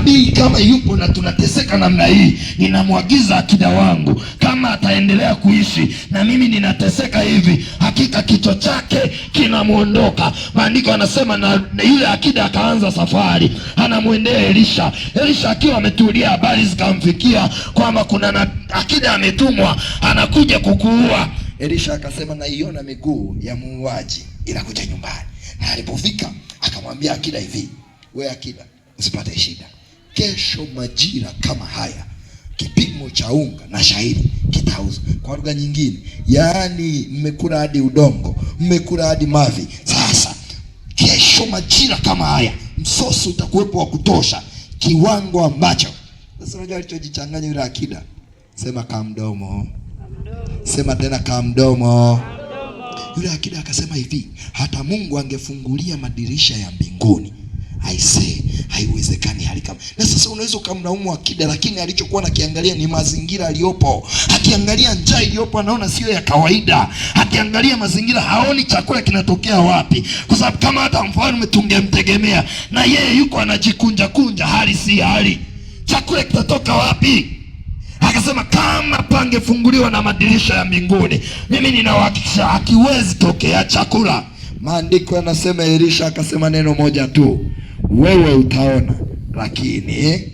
nabii kama yupo na tunateseka namna hii, ninamwagiza akida wangu kama ataendelea kuishi na mimi ninateseka hivi, hakika kichwa chake kinamwondoka. Maandiko anasema na yule akida akaanza safari, anamwendea Elisha. Elisha akiwa ametulia, habari zikamfikia kwamba kuna na akida ametumwa, anakuja kukuua. Elisha akasema, naiona miguu ya muuaji inakuja nyumbani. Na alipofika akamwambia akida hivi, we akida, usipate shida kesho majira kama haya kipimo cha unga na shairi kitauzwa. Kwa lugha nyingine, yaani mmekula hadi udongo, mmekula hadi mavi. Sasa kesho majira kama haya msosi utakuwepo wa kutosha, kiwango ambacho sasa unajua alichojichanganya yule akida. Sema kamdomo, sema tena kamdomo. Yule akida akasema hivi, hata Mungu angefungulia madirisha ya mbinguni aisee, haiwezekani hali kama na. Sasa unaweza ukamlaumu akida, lakini alichokuwa nakiangalia ni mazingira aliyopo. Akiangalia njaa iliyopo, anaona sio ya kawaida. Akiangalia mazingira, haoni chakula kinatokea wapi, kwa sababu kama hata mfalme tungemtegemea na yeye yuko anajikunja kunja, hali si hali, chakula kitatoka wapi? Akasema kama pangefunguliwa na madirisha ya mbinguni, mimi ninawahakikisha akiwezi tokea chakula. Maandiko yanasema Elisha akasema neno moja tu wewe utaona, lakini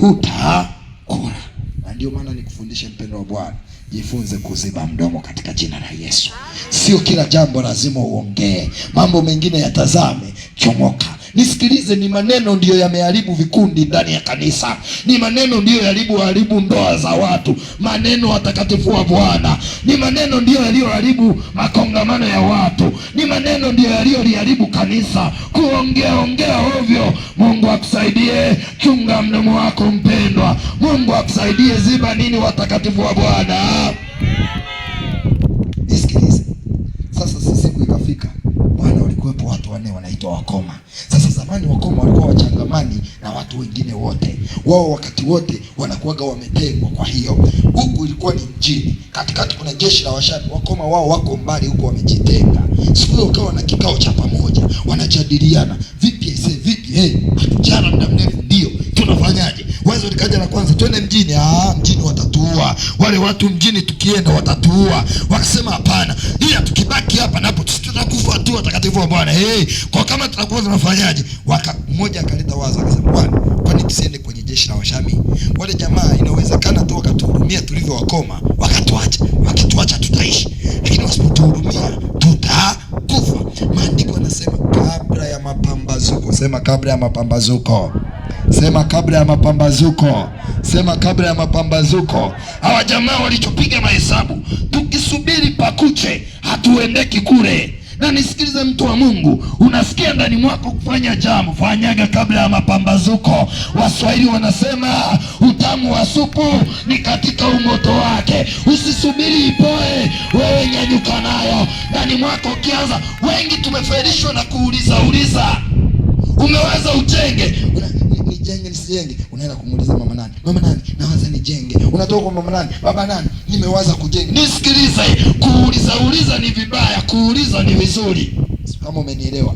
hutakula. Na ndio maana nikufundishe, mpendo wa Bwana, jifunze kuziba mdomo katika jina la Yesu. Sio kila jambo lazima uongee, mambo mengine yatazame, chomoka Nisikilize, ni maneno ndiyo yameharibu vikundi ndani ya kanisa, ni maneno ndiyo haribu ndoa za watu, maneno watakatifu wa Bwana, ni maneno ndiyo yaliyoharibu makongamano ya watu, ni maneno ndiyo yaliyoliharibu kanisa, kuongea ongea ovyo. Mungu akusaidie, chunga mdomo wako mpendwa. Mungu akusaidie, ziba nini watakatifu wa Bwana. Nisikilize sasa, siku ikafika, Bwana, walikuwepo watu wanne wanaitwa wakoma zamani Wakoma walikuwa wachangamani na watu wengine wote, wao wakati wote wanakuwaga wametengwa. Kwa hiyo huku ilikuwa ni mjini katikati, kuna jeshi la Washani. Wakoma wao wako mbali huko, wamejitenga. Siku hiyo wakawa na kikao cha pamoja, wanajadiliana vipi, ese vipi, eh, hatujana muda mrefu, ndio tunafanyaje? Wazo likaja la kwanza, twende mjini. Ah, mjini watatuua wale watu, mjini tukienda watatuua. Wakasema hapana, ila tukibaki hapa napo watakatifu wa Bwana. Eh, Hey, kwa kama tutakuwa tunafanyaje? Waka mmoja akaleta wazo akasema, Bwana, kwani tusiende kwenye jeshi la Washami? Wale jamaa inawezekana tu wakatuhurumia tulivyo wakoma, wakatuacha. Wakituacha tutaishi, lakini wasipotuhurumia tutakufa. Maandiko yanasema kabla ya mapambazuko, sema kabla ya mapambazuko sema kabla ya mapambazuko, sema kabla ya mapambazuko. Hawa jamaa walichopiga mahesabu, tukisubiri pakuche, hatuendeki kule na nisikilize, mtu wa Mungu, unasikia ndani mwako kufanya jambo, fanyaga kabla ya mapambazuko. Waswahili wanasema utamu wa supu ni katika umoto wake, usisubiri ipoe, wewe nyanyuka nayo ndani mwako. Ukianza, wengi tumefaidishwa na kuuliza uliza, umeweza ujenge, nijenge nisijenge unaenda kumuuliza mama nani, mama nani, nawaza nijenge. Unatoka kwa mama nani, baba nani, nimewaza kujenga. Nisikilize, kuuliza uliza ni vibaya, kuuliza ni vizuri. Kama umenielewa,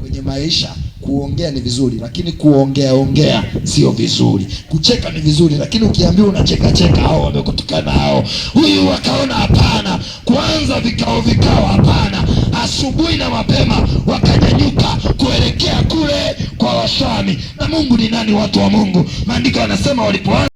kwenye maisha kuongea ni vizuri, lakini kuongea ongea sio vizuri. Kucheka ni vizuri, lakini ukiambiwa unacheka cheka, hao wamekutukana, hao huyu wakaona, hapana. kwanza vikao vikao, hapana. Asubuhi na mapema waka imebadilika kuelekea kule kwa washami Na Mungu ni nani? Watu wa Mungu, maandiko yanasema walipo